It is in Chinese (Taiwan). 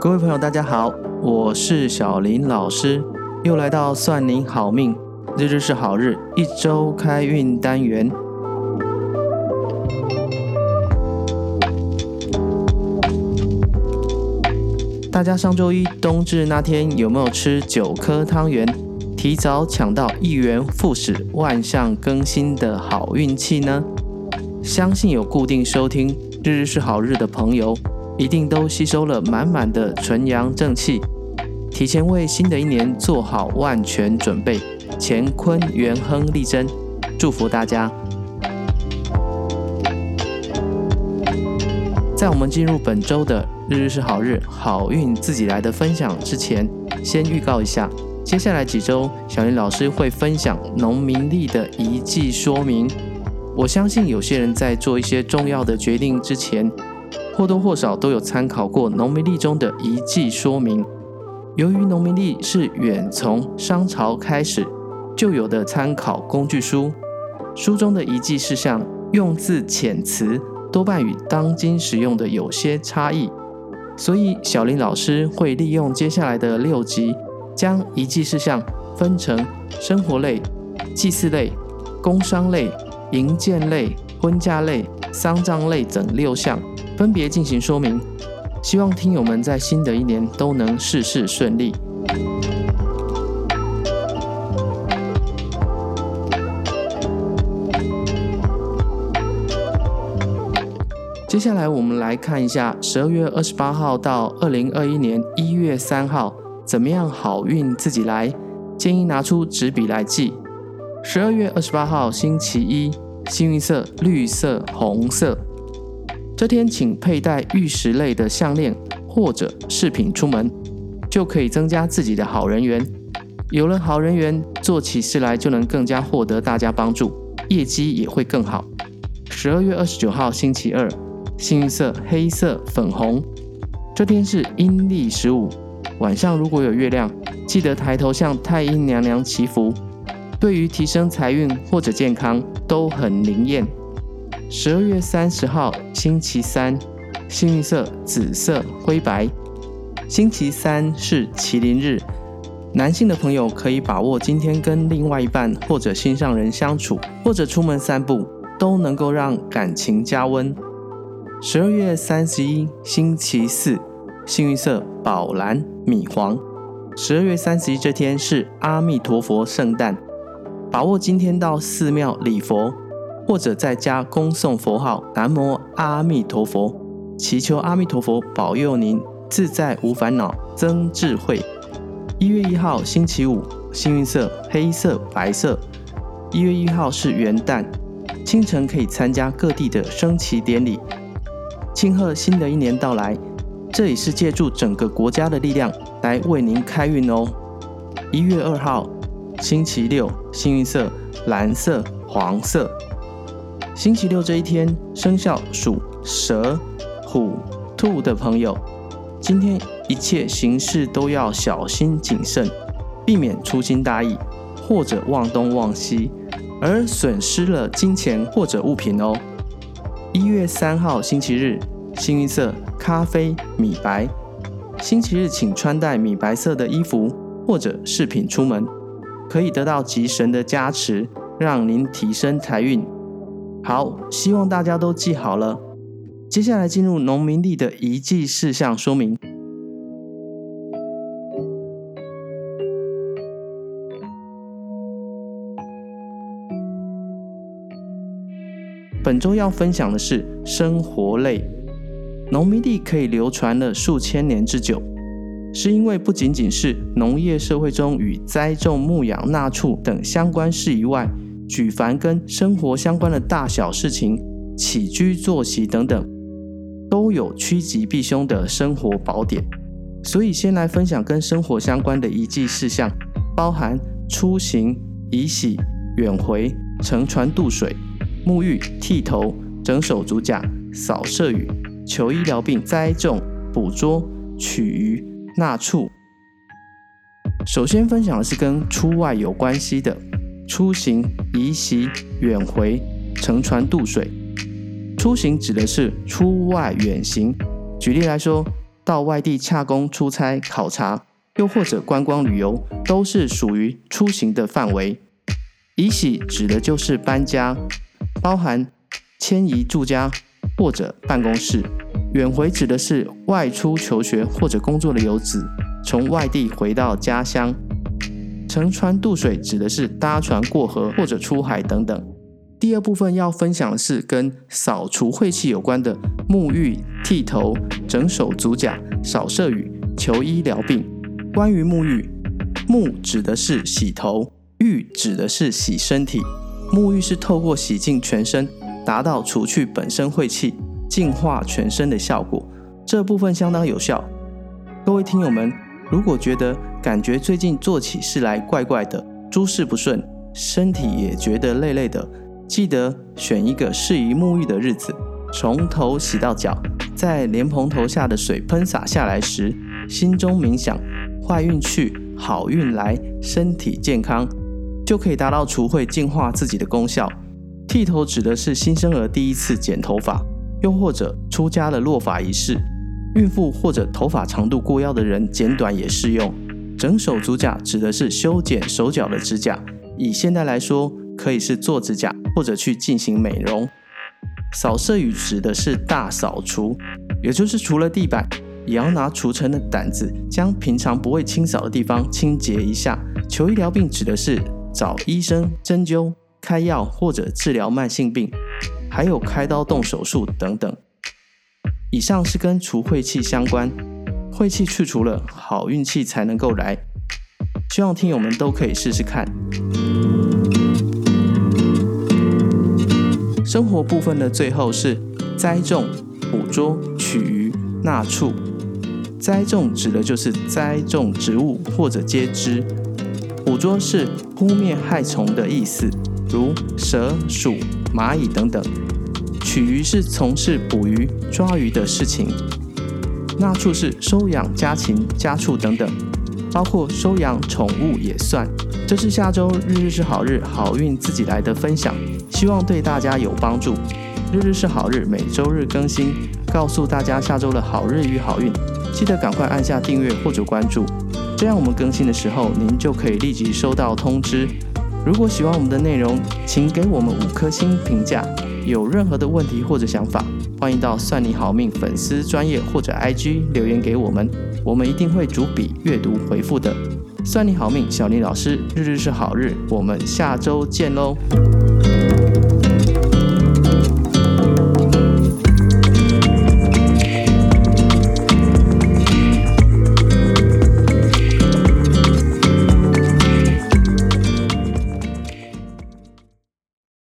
各位朋友，大家好，我是小林老師，又來到算您好命，日日是好日，一周開運單元。大家上周一冬至那天有沒有吃九顆湯圓，提早搶到一元復始，萬象更新的好運氣呢？相信有固定收聽日日是好日的朋友，一定都吸收了滿滿的純陽正氣，提前為新的一年做好萬全準備。乾坤元亨利貞，祝福大家！在我們進入本周的日日是好日，好運自己來的分享之前，先預告一下，接下來幾周小林老師會分享農民曆的遺跡說明。我相信有些人在做一些重要的決定之前。或多或少都有參考過農民曆中的宜忌說明。由於農民曆是遠從商朝開始就有的參考工具書，書中的宜忌事項用字遣詞多半與當今使用的有些差異，所以小林老師會利用接下來的六集，將宜忌事項分成生活類、祭祀類、工商類、營建類、婚嫁類、喪葬類等六項，分別進行說明，希望聽友們在新的一年都能事事順利。接下來我們來看一下十二月二十八號到二零二一年一月三號怎麼樣好運自己來，建議拿出紙筆來記。十二月二十八號星期一，幸運色綠色、紅色。這天請佩戴玉石類的項鏈或者飾品出門，就可以增加自己的好人緣。有了好人緣，做起事來就能更加獲得大家幫助，業績也會更好。十二月二十九號星期二，幸運色黑色、粉紅。這天是陰曆十五，晚上如果有月亮，記得抬頭向太陰娘娘祈福，對於提升財運或者健康都很靈驗。十二月三十號，星期三，幸運色紫色、灰白。星期三是麒麟日，男性的朋友可以把握今天跟另外一半或者心上人相處，或者出門散步，都能夠讓感情加溫。十二月三十一，星期四，幸運色寶藍、米黃。十二月三十一這天是阿彌陀佛聖誕，把握今天到寺廟禮佛。或者在家恭誦佛號“南無阿彌陀佛”，祈求阿彌陀佛保佑您自在無煩惱，增智慧。一月一號，星期五，幸運色黑色、白色。一月一號是元旦，清晨可以參加各地的升旗典禮，慶賀新的一年到來。這裡是借助整個國家的力量來為您開運哦。一月二號，星期六，幸運色藍色、黃色。星期六這一天，生肖屬蛇、虎、兔的朋友，今天一切行事都要小心謹慎，避免粗心大意或者忘東忘西，而損失了金錢或者物品哦。一月三號星期日，幸運色咖啡米白。星期日請穿戴米白色的衣服或者飾品出門，可以得到吉神的加持，讓您提升財運。好，希望大家都記好了。接下來進入農民曆的宜忌事項說明。本週要分享的是生活類。農民曆可以流傳了數千年之久，是因為不僅僅是農業社會中與栽種、牧養、納畜等相關事宜外。舉凡跟生活相關的大小事情、起居作息等等，都有趨吉避凶的生活寶典。所以先來分享跟生活相關的宜忌事項，包含出行、移徙、遠回、乘船渡水、沐浴、剃頭、整手足甲、掃舍宇、求醫療病、栽種、捕捉、取魚、納畜。首先分享的是跟出外有關係的。出行、移徙、遠回、乘船渡水。出行指的是出外遠行，舉例來說，到外地洽公、出差、考察，又或者觀光旅遊，都是屬於出行的範圍。移徙指的就是搬家，包含遷移住家或者辦公室。遠回指的是外出求學或者工作的遊子，從外地回到家鄉。乘船渡水指的是搭船過河或者出海等等。第二部分要分享的是跟掃除晦氣，有關的沐浴、剃頭、整手足甲、掃舍宇、求醫療病。關於沐浴，沐指的是洗頭，浴指的是洗身體。沐浴是透過洗淨全身，達到除去本身晦氣、淨化全身的效果。這部分相當有效。各位聽友們，如果覺得，感覺最近做起事來怪怪的，諸事不順，身體也覺得累累的。記得選一個適宜沐浴的日子，從頭洗到腳，在蓮蓬頭下的水噴灑下來時，心中冥想：壞運去，好運來，身體健康，就可以達到除穢淨化自己的功效。剃頭指的是新生兒第一次剪頭髮，又或者出家的落髮儀式。孕婦或者頭髮長度過腰的人剪短也適用。整手足甲指的是修剪手腳的指甲，以現在來說，可以是做指甲或者去進行美容。掃舍宇指的是大掃除，也就是除了地板，也要拿除塵的撣子將平常不會清掃的地方清潔一下。求醫療病指的是找醫生、針灸、開藥或者治療慢性病，還有開刀動手術等等。以上是跟除晦氣相關。晦氣去除了，好運氣才能夠來。希望聽友們都可以試試看。生活部分的最後是栽種、捕捉、取魚、納畜。栽種指的就是栽種植物或者接枝；捕捉是撲滅害蟲的意思，如蛇、鼠、螞蟻等等；取魚是從事捕魚、抓魚的事情。那畜是收養家禽、家畜等等，包括收養寵物也算。這是下周日日是好日好運自己來的分享，希望對大家有幫助。日日是好日，每周日更新，告訴大家下周的好日與好運。記得趕快按下訂閱或者關注，這樣我們更新的時候您就可以立即收到通知。如果喜歡我們的內容，請給我們五顆星評價。有任何的問題或者想法，歡迎到“算你好命”粉絲專頁或者 IG 留言給我們，我們一定會逐筆閱讀回復的。算你好命，小林老師，日日是好日，我們下周見嘍。